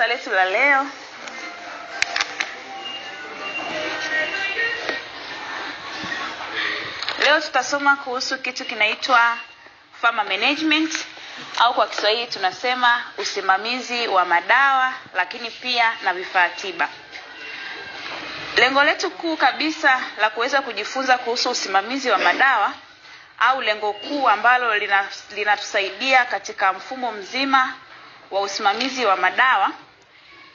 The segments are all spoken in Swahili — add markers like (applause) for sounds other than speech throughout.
darasa letu la leo leo tutasoma kuhusu kitu kinaitwa pharma management au kwa kiswahili tunasema usimamizi wa madawa lakini pia na vifaa tiba lengo letu kuu kabisa la kuweza kujifunza kuhusu usimamizi wa madawa au lengo kuu ambalo linatusaidia lina katika mfumo mzima wa usimamizi wa madawa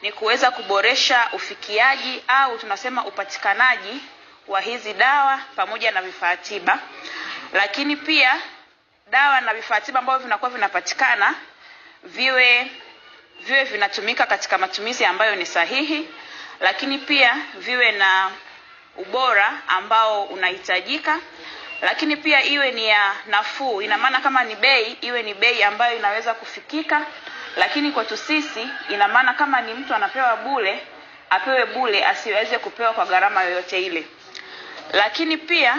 ni kuweza kuboresha ufikiaji au tunasema upatikanaji wa hizi dawa pamoja na vifaa tiba, lakini pia dawa na vifaa tiba ambavyo vinakuwa vinapatikana viwe viwe vinatumika katika matumizi ambayo ni sahihi, lakini pia viwe na ubora ambao unahitajika, lakini pia iwe ni ya nafuu. Ina maana kama ni bei, iwe ni bei ambayo inaweza kufikika lakini kwetu sisi ina maana kama ni mtu anapewa bure apewe bure, asiweze kupewa kwa gharama yoyote ile. Lakini pia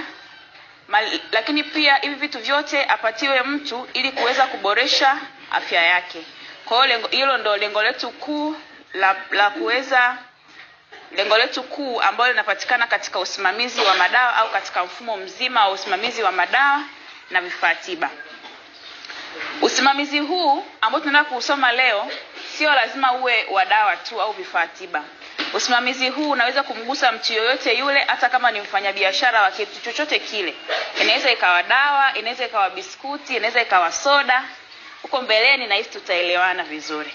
mali, lakini pia hivi vitu vyote apatiwe mtu ili kuweza kuboresha afya yake. Kwa hiyo hilo ndo lengo letu kuu la, la kuweza lengo letu kuu ambalo linapatikana katika usimamizi wa madawa au katika mfumo mzima wa usimamizi wa madawa na vifaa tiba. Usimamizi huu ambao tunaenda kuusoma leo sio lazima uwe wa dawa tu au vifaa tiba. Usimamizi huu unaweza kumgusa mtu yoyote yule, hata kama ni mfanyabiashara wa kitu chochote kile. Inaweza ikawa dawa, inaweza ikawa biskuti, inaweza ikawa soda. Huko mbeleni nahisi tutaelewana vizuri.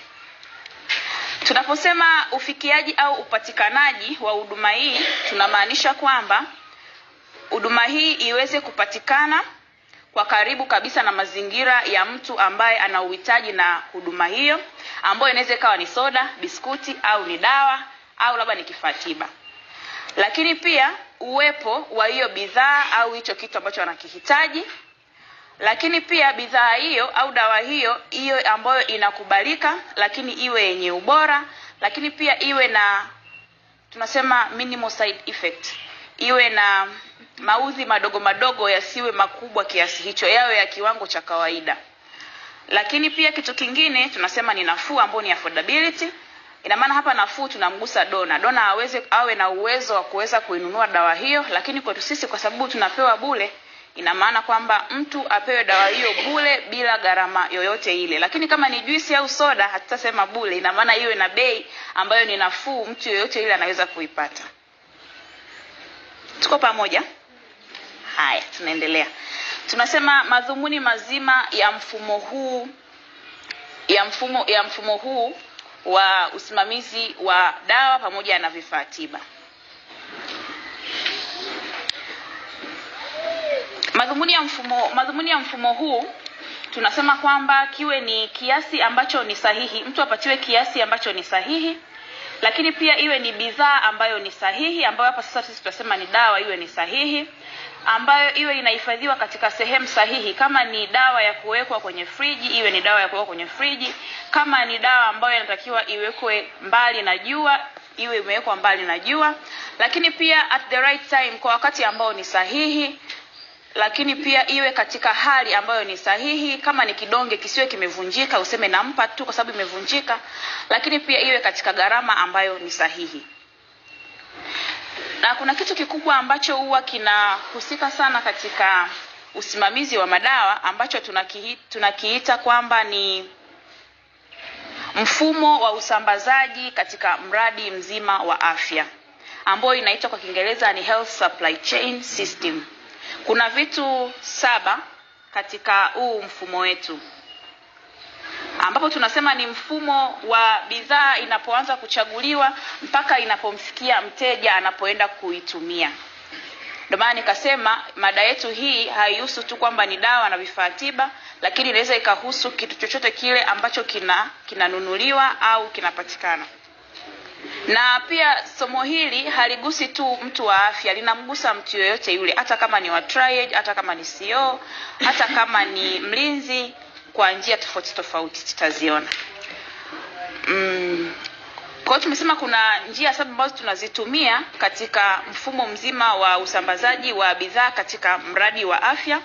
Tunaposema ufikiaji au upatikanaji wa huduma hii, tunamaanisha kwamba huduma hii iweze kupatikana kwa karibu kabisa na mazingira ya mtu ambaye ana uhitaji na huduma hiyo, ambayo inaweza ikawa ni soda, biskuti au ni dawa au labda ni kifaa tiba, lakini pia uwepo wa hiyo bidhaa au hicho kitu ambacho anakihitaji, lakini pia bidhaa hiyo au dawa hiyo hiyo ambayo inakubalika, lakini iwe yenye ubora, lakini pia iwe na tunasema minimal side effect iwe na mauzi madogo madogo yasiwe makubwa kiasi hicho, yawe ya kiwango cha kawaida. Lakini pia kitu kingine tunasema ni nafuu ambayo ni affordability. Ina maana hapa nafuu tunamgusa dona, dona aweze awe na uwezo wa kuweza kuinunua dawa hiyo, lakini kwetu sisi kwa sababu tunapewa bule ina maana kwamba mtu apewe dawa hiyo bule bila gharama yoyote ile. Lakini kama ni juisi au soda, hatutasema bule, ina maana iwe na bei ambayo ni nafuu, mtu yoyote ile anaweza kuipata. Tuko pamoja? Haya, tunaendelea. Tunasema madhumuni mazima ya mfumo huu ya mfumo ya mfumo huu wa usimamizi wa dawa pamoja na vifaa tiba. Madhumuni ya mfumo madhumuni ya mfumo huu tunasema kwamba kiwe ni kiasi ambacho ni sahihi, mtu apatiwe kiasi ambacho ni sahihi lakini pia iwe ni bidhaa ambayo ni sahihi, ambayo hapa sasa sisi tunasema ni dawa, iwe ni sahihi, ambayo iwe inahifadhiwa katika sehemu sahihi. Kama ni dawa ya kuwekwa kwenye friji, iwe ni dawa ya kuwekwa kwenye friji. Kama ni dawa ambayo inatakiwa iwekwe mbali na jua iwe imewekwa mbali na jua, lakini pia at the right time, kwa wakati ambao ni sahihi lakini pia iwe katika hali ambayo ni sahihi. Kama ni kidonge kisiwe kimevunjika, useme nampa tu kwa sababu imevunjika, lakini pia iwe katika gharama ambayo ni sahihi. Na kuna kitu kikubwa ambacho huwa kinahusika sana katika usimamizi wa madawa ambacho tunakiita, tunakiita kwamba ni mfumo wa usambazaji katika mradi mzima wa afya ambayo inaitwa kwa Kiingereza ni health supply chain system. Kuna vitu saba katika huu mfumo wetu ambapo tunasema ni mfumo wa bidhaa inapoanza kuchaguliwa mpaka inapomfikia mteja anapoenda kuitumia. Ndio maana nikasema mada yetu hii haihusu tu kwamba ni dawa na vifaa tiba, lakini inaweza ikahusu kitu chochote kile ambacho kina kinanunuliwa au kinapatikana na pia somo hili haligusi tu mtu wa afya, linamgusa mtu yoyote yule, hata kama ni wa triage, hata kama ni CO, hata kama ni mlinzi, kwa njia tofauti tofauti tutaziona. Mm. Kwa hiyo tumesema kuna njia saba ambazo tunazitumia katika mfumo mzima wa usambazaji wa bidhaa katika mradi wa afya.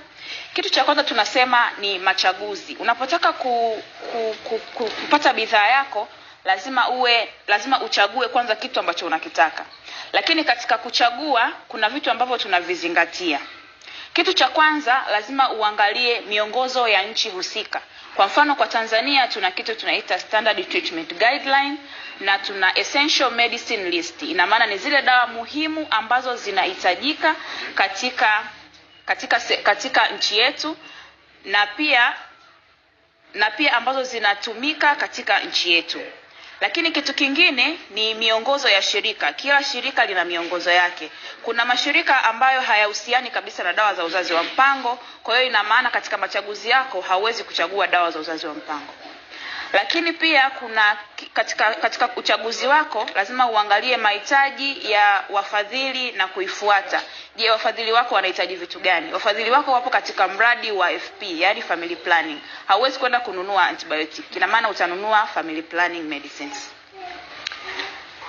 Kitu cha kwanza tunasema ni machaguzi. Unapotaka ku, ku, ku, ku, kupata bidhaa yako lazima uwe lazima uchague kwanza kitu ambacho unakitaka, lakini katika kuchagua kuna vitu ambavyo tunavizingatia. Kitu cha kwanza lazima uangalie miongozo ya nchi husika. Kwa mfano, kwa Tanzania tuna kitu tunaita standard treatment guideline na tuna essential medicine list. Ina maana ni zile dawa muhimu ambazo zinahitajika katika katika katika nchi yetu na pia na pia ambazo zinatumika katika nchi yetu. Lakini kitu kingine ni miongozo ya shirika. Kila shirika lina miongozo yake. Kuna mashirika ambayo hayahusiani kabisa na dawa za uzazi wa mpango, kwa hiyo ina maana katika machaguzi yako hauwezi kuchagua dawa za uzazi wa mpango. Lakini pia kuna katika, katika uchaguzi wako lazima uangalie mahitaji ya wafadhili na kuifuata. Je, wafadhili wako wanahitaji vitu gani? Wafadhili wako wapo katika mradi wa FP, yani family planning. Hauwezi kwenda kununua antibiotic, ina maana utanunua family planning medicines.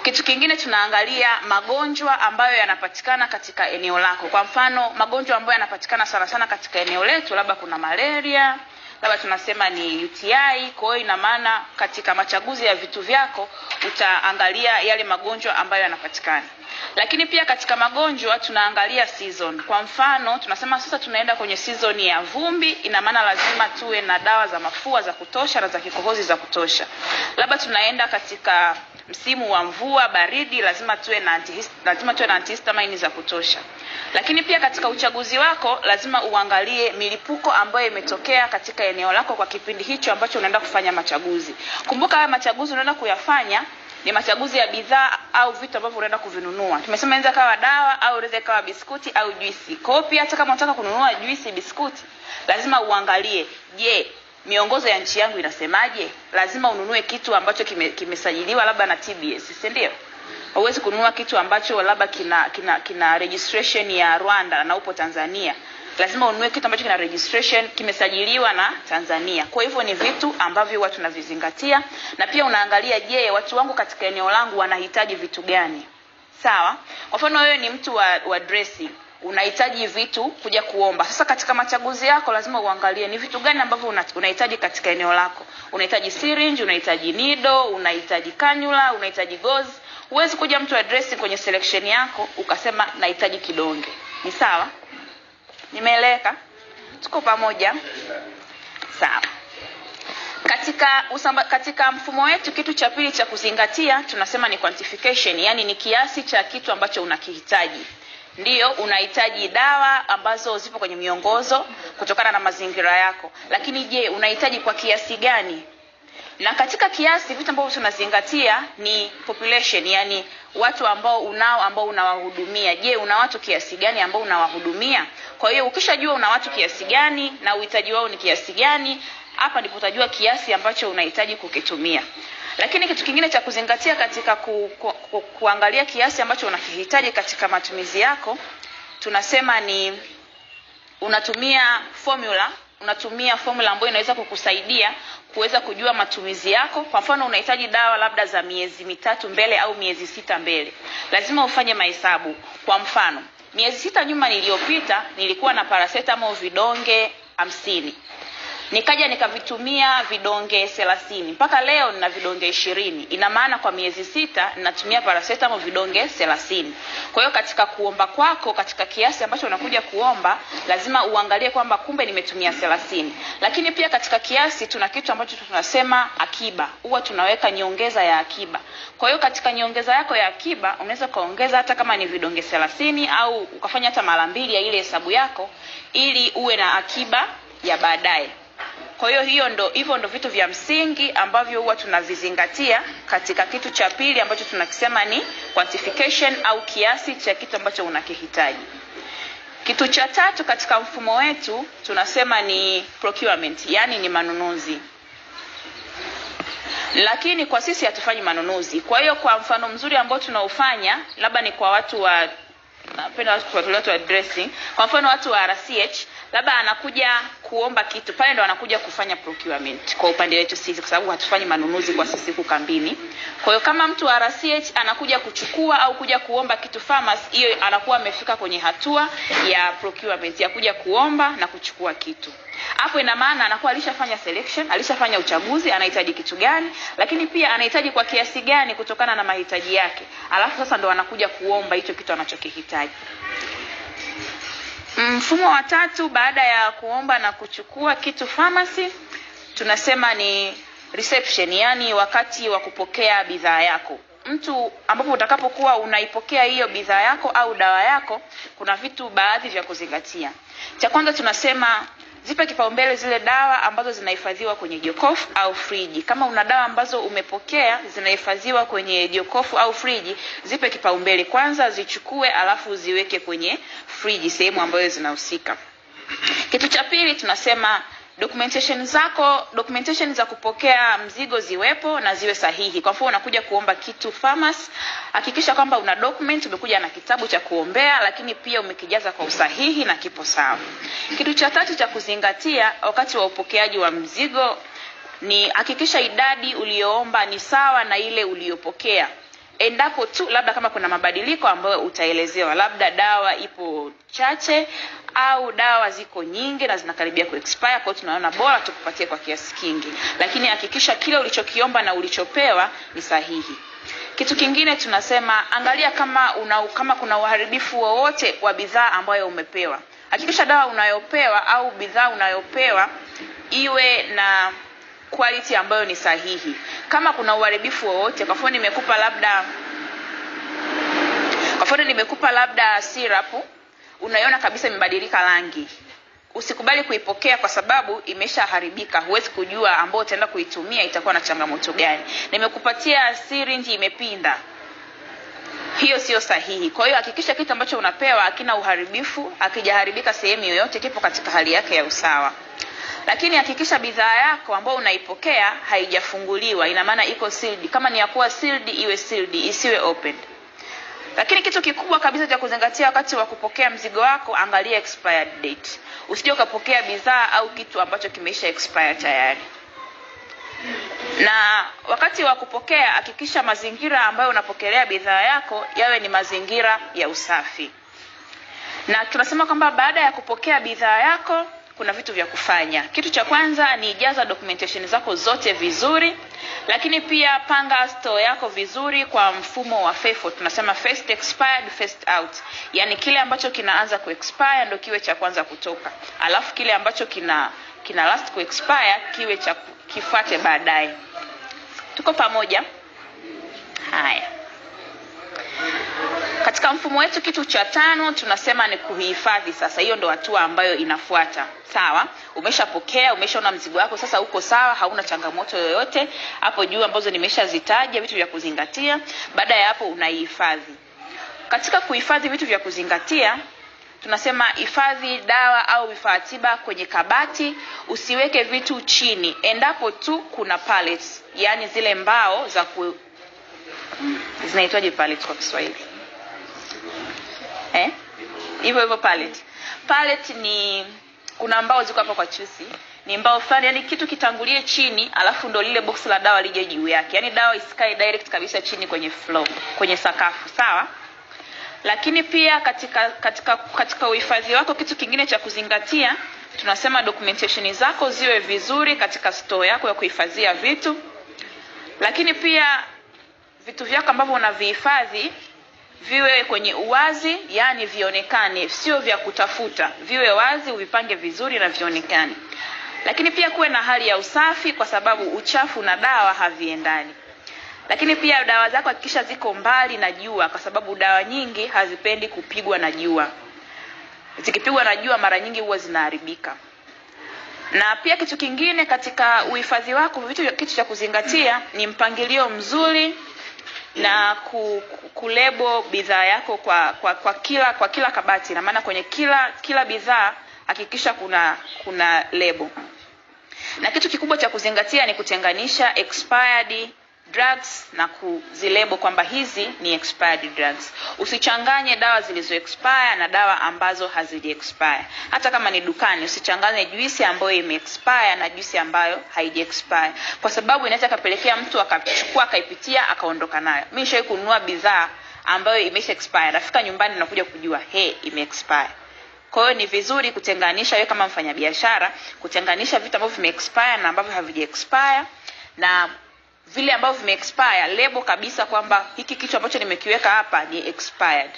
Kitu kingine tunaangalia magonjwa ambayo yanapatikana katika eneo lako. Kwa mfano, magonjwa ambayo yanapatikana sana sana katika eneo letu, labda kuna malaria labda tunasema ni UTI. Kwa hiyo ina maana katika machaguzi ya vitu vyako utaangalia yale magonjwa ambayo yanapatikana, lakini pia katika magonjwa tunaangalia season. Kwa mfano tunasema sasa tunaenda kwenye season ya vumbi, ina maana lazima tuwe na dawa za mafua za kutosha na za kikohozi za kutosha. Labda tunaenda katika msimu wa mvua baridi, lazima tuwe na antihist, lazima tuwe na antihistamine za kutosha. Lakini pia katika uchaguzi wako lazima uangalie milipuko ambayo imetokea katika eneo lako kwa kipindi hicho ambacho unaenda kufanya machaguzi. Kumbuka haya machaguzi unaenda kuyafanya ni machaguzi ya bidhaa au vitu ambavyo unaenda kuvinunua. Tumesema inaweza kawa dawa au inaweza kawa biskuti au juisi. Kwa hiyo pia hata kama unataka kununua juisi, biskuti, lazima uangalie, je, miongozo ya nchi yangu inasemaje? Lazima ununue kitu ambacho kimesajiliwa kime labda na TBS, si ndio? Huwezi kununua kitu ambacho labda kina, kina, kina registration ya Rwanda na upo Tanzania lazima unue kitu ambacho kina registration, kimesajiliwa na Tanzania. Kwa hivyo ni vitu ambavyo watu tunavizingatia, na pia unaangalia, je, watu wangu katika eneo langu wanahitaji vitu gani? Sawa, kwa mfano wewe ni mtu wa, wa dressing unahitaji vitu kuja kuomba. Sasa katika machaguzi yako lazima uangalie ni vitu gani ambavyo unahitaji katika eneo lako. Unahitaji syringe, unahitaji nido, unahitaji kanula, unahitaji gauze. Huwezi kuja mtu wa dressing kwenye selection yako ukasema nahitaji kidonge. Ni sawa? nimeeleka tuko pamoja sawa katika usamba, katika mfumo wetu kitu cha pili cha kuzingatia tunasema ni quantification yani ni kiasi cha kitu ambacho unakihitaji ndiyo unahitaji dawa ambazo zipo kwenye miongozo kutokana na mazingira yako lakini je unahitaji kwa kiasi gani na katika kiasi vitu ambavyo tunazingatia ni population, yani watu ambao unao ambao unawahudumia. Je, una watu kiasi gani ambao unawahudumia? Kwa hiyo ukishajua una watu kiasi gani na uhitaji wao ni kiasi gani, hapa ndipo utajua kiasi ambacho unahitaji kukitumia. Lakini kitu kingine cha kuzingatia katika ku, ku, ku, kuangalia kiasi ambacho unakihitaji katika matumizi yako, tunasema ni unatumia formula unatumia formula ambayo inaweza kukusaidia kuweza kujua matumizi yako. Kwa mfano, unahitaji dawa labda za miezi mitatu mbele au miezi sita mbele, lazima ufanye mahesabu. Kwa mfano, miezi sita nyuma niliyopita nilikuwa na paracetamol vidonge hamsini nikaja nikavitumia vidonge thelathini mpaka leo nina vidonge ishirini ina maana kwa miezi sita ninatumia paracetamol vidonge thelathini kwa hiyo katika kuomba kwako katika kiasi ambacho unakuja kuomba lazima uangalie kwamba kumbe nimetumia thelathini lakini pia katika kiasi tuna kitu ambacho tunasema akiba huwa tunaweka nyongeza ya akiba kwa hiyo katika nyongeza yako ya akiba unaweza ukaongeza hata kama ni vidonge thelathini au ukafanya hata mara mbili ya ile hesabu yako ili uwe na akiba ya baadaye kwa hiyo hiyo ndo hivyo ndo vitu vya msingi ambavyo huwa tunavizingatia katika kitu cha pili ambacho tunakisema ni quantification au kiasi cha kitu ambacho unakihitaji. Kitu cha tatu katika mfumo wetu tunasema ni procurement, yani ni manunuzi. Lakini kwa sisi hatufanyi manunuzi. Kwa hiyo kwa mfano mzuri ambao tunaufanya labda ni kwa watu wa napenda watu watu wa dressing, kwa mfano watu wa RCH labda anakuja kuomba kitu pale, ndo anakuja kufanya procurement kwa upande wetu sisi, kwa sababu hatufanyi manunuzi kwa sisi huku kambini. Kwa hiyo kama mtu wa RCH anakuja kuchukua au kuja kuomba kitu farmers, hiyo anakuwa amefika kwenye hatua ya procurement ya kuja kuomba na kuchukua kitu. Hapo ina maana anakuwa alishafanya selection, alishafanya uchaguzi, anahitaji kitu gani, lakini pia anahitaji kwa kiasi gani kutokana na mahitaji yake, alafu sasa ndo anakuja kuomba hicho kitu anachokihitaji. Mm, mfumo wa tatu baada ya kuomba na kuchukua kitu pharmacy, tunasema ni reception, yaani wakati wa kupokea bidhaa yako mtu ambapo utakapokuwa unaipokea hiyo bidhaa yako au dawa yako, kuna vitu baadhi vya kuzingatia. Cha kwanza tunasema zipe kipaumbele zile dawa ambazo zinahifadhiwa kwenye jokofu au friji. Kama una dawa ambazo umepokea zinahifadhiwa kwenye jokofu au friji, zipe kipaumbele kwanza, zichukue alafu ziweke kwenye friji, sehemu ambayo zinahusika. Kitu cha pili tunasema documentation zako documentation za kupokea mzigo ziwepo na ziwe sahihi. Kwa mfano unakuja kuomba kitu farmers, hakikisha kwamba una document, umekuja na kitabu cha kuombea, lakini pia umekijaza kwa usahihi na kipo sawa. Kitu cha tatu cha kuzingatia wakati wa upokeaji wa mzigo ni hakikisha idadi uliyoomba ni sawa na ile uliyopokea endapo tu labda kama kuna mabadiliko ambayo utaelezewa, labda dawa ipo chache au dawa ziko nyingi na zinakaribia kuexpire. Kwa hiyo tunaona bora tukupatie kwa kiasi kingi, lakini hakikisha kile ulichokiomba na ulichopewa ni sahihi. Kitu kingine tunasema, angalia kama una, kama kuna uharibifu wowote wa bidhaa ambayo umepewa. Hakikisha dawa unayopewa au bidhaa unayopewa iwe na quality ambayo ni sahihi. Kama kuna uharibifu wowote, kwa mfano nimekupa labda kwa mfano nimekupa labda syrup, unaiona kabisa imebadilika rangi, usikubali kuipokea kwa sababu imeshaharibika. Huwezi kujua ambayo utaenda kuitumia itakuwa na changamoto gani. Nimekupatia syringe imepinda, hiyo sio sahihi. Kwa hiyo hakikisha kitu ambacho unapewa hakina uharibifu, hakijaharibika sehemu yoyote, kipo katika hali yake ya usawa lakini hakikisha bidhaa yako ambayo unaipokea haijafunguliwa, ina maana iko sealed. Kama ni ya kuwa sealed, iwe sealed, isiwe opened. Lakini kitu kikubwa kabisa cha kuzingatia wakati wa kupokea mzigo wako, angalia expired date. Usije ukapokea bidhaa au kitu ambacho kimeisha expire tayari. Na wakati wa kupokea, hakikisha mazingira ambayo unapokelea bidhaa yako yawe ni mazingira ya usafi. Na tunasema kwamba baada ya kupokea bidhaa yako kuna vitu vya kufanya. Kitu cha kwanza ni jaza documentation zako zote vizuri, lakini pia panga store yako vizuri kwa mfumo wa FEFO, tunasema first expired first out, yaani kile ambacho kinaanza kuexpire ndio kiwe cha kwanza kutoka, alafu kile ambacho kina kina last kuexpire kiwe cha kifuate baadaye. Tuko pamoja? Haya. Katika mfumo wetu kitu cha tano tunasema ni kuhifadhi. Sasa hiyo ndo hatua ambayo inafuata. Sawa, umeshapokea, umeshaona mzigo wako, sasa uko sawa, hauna changamoto yoyote hapo juu ambazo nimeshazitaja, vitu vya kuzingatia. Baada ya hapo, unaihifadhi. Katika kuhifadhi vitu vya kuzingatia tunasema hifadhi dawa au vifaa tiba kwenye kabati, usiweke vitu chini endapo tu kuna pallets, yani zile mbao za ku... zinaitwaje pallets kwa Kiswahili? eh? hivyo hivyo pallet pallet ni kuna mbao ziko hapa kwa chusi ni mbao fulani yani kitu kitangulie chini alafu ndo lile box la dawa lije juu yake yani dawa isikae direct kabisa chini kwenye floor kwenye sakafu sawa lakini pia katika katika katika uhifadhi wako kitu kingine cha kuzingatia tunasema documentation zako ziwe vizuri katika store yako ya kuhifadhia vitu lakini pia vitu vyako ambavyo unavihifadhi viwe kwenye uwazi, yani vionekane, sio vya kutafuta, viwe wazi, uvipange vizuri na vionekane. Lakini pia kuwe na hali ya usafi, kwa sababu uchafu na dawa haviendani. Lakini pia dawa zako hakikisha ziko mbali na jua, kwa sababu dawa nyingi hazipendi kupigwa na jua. Zikipigwa na jua, mara nyingi huwa zinaharibika. Na pia kitu kingine katika uhifadhi wako, vitu kitu cha kuzingatia ni mpangilio mzuri na ku, kulebo bidhaa yako kwa, kwa kwa kila kwa kila kabati, na maana kwenye kila kila bidhaa hakikisha kuna kuna lebo. Na kitu kikubwa cha kuzingatia ni kutenganisha expired drugs na kuzilebo kwamba hizi ni expired drugs. Usichanganye dawa zilizo expire na dawa ambazo hazijaexpire expire. Hata kama ni dukani, usichanganye juisi ambayo ime expire na juisi ambayo expire, kwa sababu inaweza kapelekea mtu akachukua akaipitia akaondoka nayo. Mimi nishawahi kununua bidhaa ambayo imesha expire, nafika nyumbani nakuja kujua he, ime expire. Kwa hiyo ni vizuri kutenganisha, wewe kama mfanyabiashara, kutenganisha vitu ambavyo vime expire na ambavyo expire na vile ambavyo vimeexpire lebo kabisa kwamba hiki kitu ambacho nimekiweka hapa ni expired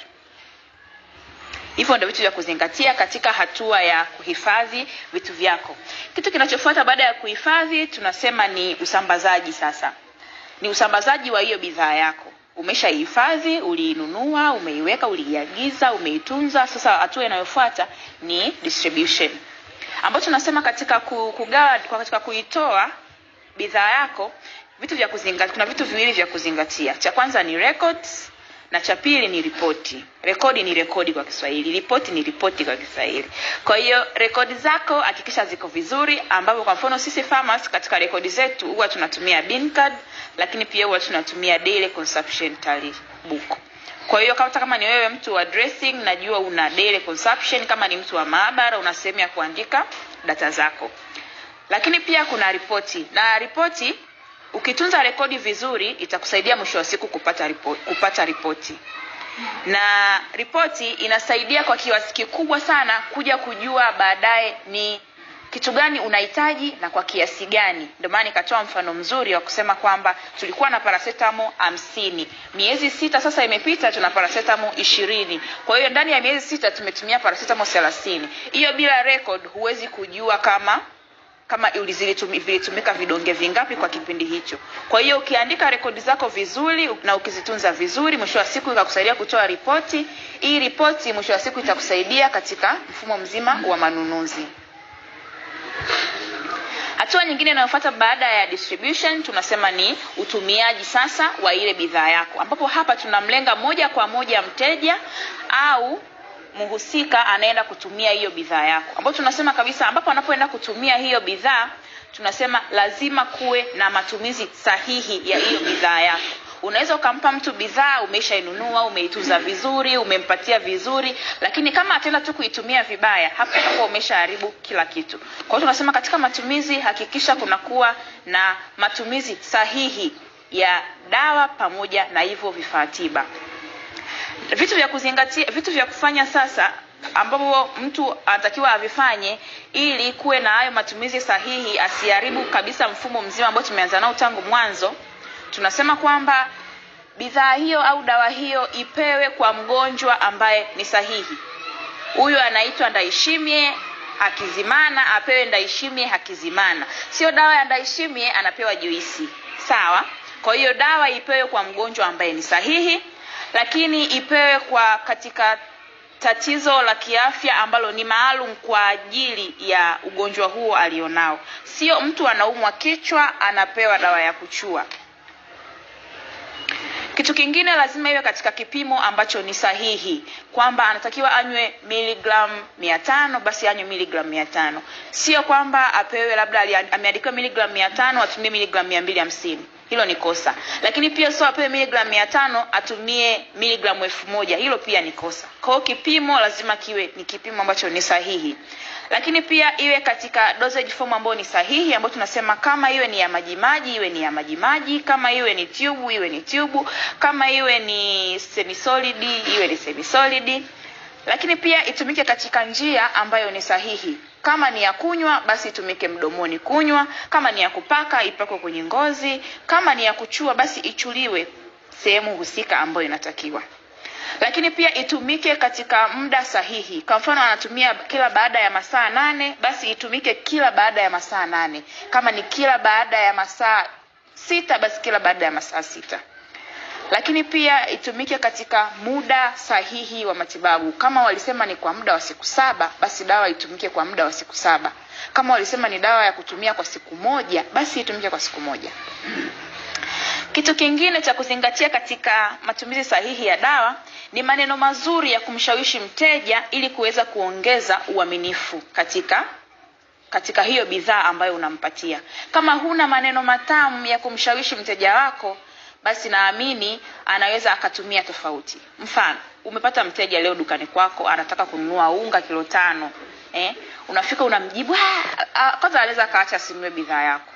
hivyo ndio vitu vya kuzingatia katika hatua ya kuhifadhi vitu vyako kitu kinachofuata baada ya kuhifadhi tunasema ni usambazaji sasa ni usambazaji wa hiyo bidhaa yako umeshaihifadhi uliinunua umeiweka uliiagiza umeitunza sasa hatua inayofuata ni distribution ambacho tunasema katika kugawa katika kuitoa bidhaa yako vitu vya kuzingatia, kuna vitu viwili vya kuzingatia. Cha kwanza ni records na cha pili ni ripoti. Rekodi ni rekodi kwa Kiswahili, ripoti ni ripoti kwa Kiswahili. Kwa hiyo rekodi zako hakikisha ziko vizuri, ambapo kwa mfano sisi farmers katika rekodi zetu huwa tunatumia bin card, lakini pia huwa tunatumia daily consumption tally book. Kwa hiyo kama kama ni wewe mtu wa dressing, najua una daily consumption. Kama ni mtu wa maabara, una sehemu ya kuandika data zako, lakini pia kuna ripoti na ripoti Ukitunza rekodi vizuri itakusaidia mwisho wa siku kupata ripoti, kupata ripoti na ripoti inasaidia kwa kiasi kikubwa sana kuja kujua baadaye ni kitu gani unahitaji na kwa kiasi gani. Ndio maana nikatoa mfano mzuri wa kusema kwamba tulikuwa na parasetamo hamsini, miezi sita sasa imepita, tuna paracetamol ishirini. Kwa hiyo ndani ya miezi sita tumetumia paracetamol thelathini. Hiyo bila record huwezi kujua kama kama vilitumika vidonge vingapi kwa kipindi hicho. Kwa hiyo ukiandika rekodi zako vizuri na ukizitunza vizuri, mwisho wa siku ikakusaidia kutoa ripoti. Hii ripoti mwisho wa siku itakusaidia katika mfumo mzima wa manunuzi. Hatua nyingine inayofuata baada ya distribution tunasema ni utumiaji sasa wa ile bidhaa yako, ambapo hapa tunamlenga moja kwa moja mteja au mhusika anaenda kutumia hiyo bidhaa yako, ambapo tunasema kabisa, ambapo anapoenda kutumia hiyo bidhaa, tunasema lazima kuwe na matumizi sahihi ya hiyo bidhaa yako. Unaweza ukampa mtu bidhaa, umeshainunua, umeitunza vizuri, umempatia vizuri, lakini kama ataenda tu kuitumia vibaya, hapo utakuwa umeshaharibu kila kitu. Kwa hiyo tunasema katika matumizi, hakikisha kunakuwa na matumizi sahihi ya dawa pamoja na hivyo vifaa tiba. Vitu vya kuzingatia, vitu vya kufanya sasa ambapo mtu anatakiwa avifanye ili kuwe na hayo matumizi sahihi, asiharibu kabisa mfumo mzima ambao tumeanza nao tangu mwanzo. Tunasema kwamba bidhaa hiyo au dawa hiyo ipewe kwa mgonjwa ambaye ni sahihi. Huyu anaitwa ndaishimie hakizimana, apewe ndaishimie hakizimana, sio dawa ya ndaishimie anapewa juisi. Sawa. Kwa hiyo dawa ipewe kwa mgonjwa ambaye ni sahihi lakini ipewe kwa katika tatizo la kiafya ambalo ni maalum kwa ajili ya ugonjwa huo alionao. Sio mtu anaumwa kichwa anapewa dawa ya kuchua. Kitu kingine lazima iwe katika kipimo ambacho ni sahihi, kwamba anatakiwa anywe miligramu mia tano basi anywe miligramu mia tano sio kwamba apewe labda ameandikiwa miligramu mia tano atumie miligramu mia mbili hamsini hilo ni kosa. Lakini pia sio apewe miligramu mia tano atumie miligramu elfu moja hilo pia ni kosa. Kwa hiyo kipimo lazima kiwe ni kipimo ambacho ni sahihi, lakini pia iwe katika dosage form ambayo ni sahihi, ambayo tunasema kama iwe ni ya majimaji iwe ni ya majimaji, kama iwe ni tube iwe ni tube, kama iwe ni solid iwe ni solid, lakini pia itumike katika njia ambayo ni sahihi. Kama ni ya kunywa, basi itumike mdomoni kunywa. Kama ni ya kupaka, ipakwe kwenye ngozi. Kama ni ya kuchua, basi ichuliwe sehemu husika ambayo inatakiwa. Lakini pia itumike katika muda sahihi. Kwa mfano, anatumia kila baada ya masaa nane, basi itumike kila baada ya masaa nane. Kama ni kila baada ya masaa sita, basi kila baada ya masaa sita lakini pia itumike katika muda sahihi wa matibabu. Kama walisema ni kwa muda wa siku saba, basi dawa itumike kwa muda wa siku saba. Kama walisema ni dawa ya kutumia kwa siku moja, basi itumike kwa siku moja. Kitu kingine cha kuzingatia katika matumizi sahihi ya dawa ni maneno mazuri ya kumshawishi mteja ili kuweza kuongeza uaminifu katika katika hiyo bidhaa ambayo unampatia. Kama huna maneno matamu ya kumshawishi mteja wako, basi naamini anaweza akatumia tofauti. Mfano, umepata mteja leo dukani kwako anataka kununua unga kilo tano eh, unafika unamjibu ah, ah, kwanza, anaweza akaacha asinunue bidhaa yako.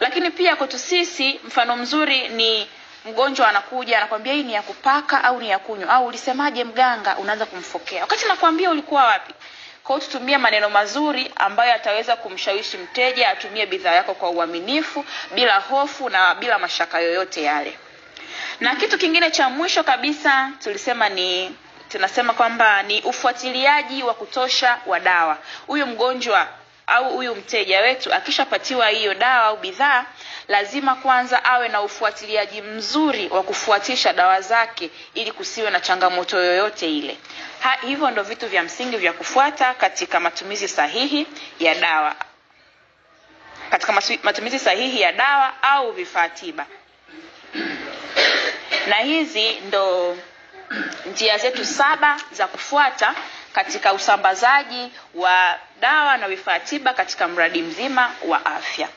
Lakini pia kwetu sisi mfano mzuri ni mgonjwa anakuja anakwambia, hii ni ya kupaka au ni ya kunywa, au ah, ulisemaje mganga? Unaanza kumfokea wakati nakwambia ulikuwa wapi. Kwa hiyo tutumie maneno mazuri ambayo yataweza kumshawishi mteja atumie bidhaa yako kwa uaminifu, bila hofu na bila mashaka yoyote yale. Na kitu kingine cha mwisho kabisa tulisema ni tunasema kwamba ni ufuatiliaji wa kutosha wa dawa. Huyu mgonjwa au huyu mteja wetu akishapatiwa hiyo dawa au bidhaa, lazima kwanza awe na ufuatiliaji mzuri wa kufuatisha dawa zake ili kusiwe na changamoto yoyote ile. Ha, hivyo ndo vitu vya msingi vya kufuata katika matumizi sahihi ya dawa katika matumizi sahihi ya dawa au vifaa tiba. (clears throat) Na hizi ndo njia zetu saba za kufuata katika usambazaji wa dawa na vifaa tiba katika mradi mzima wa afya.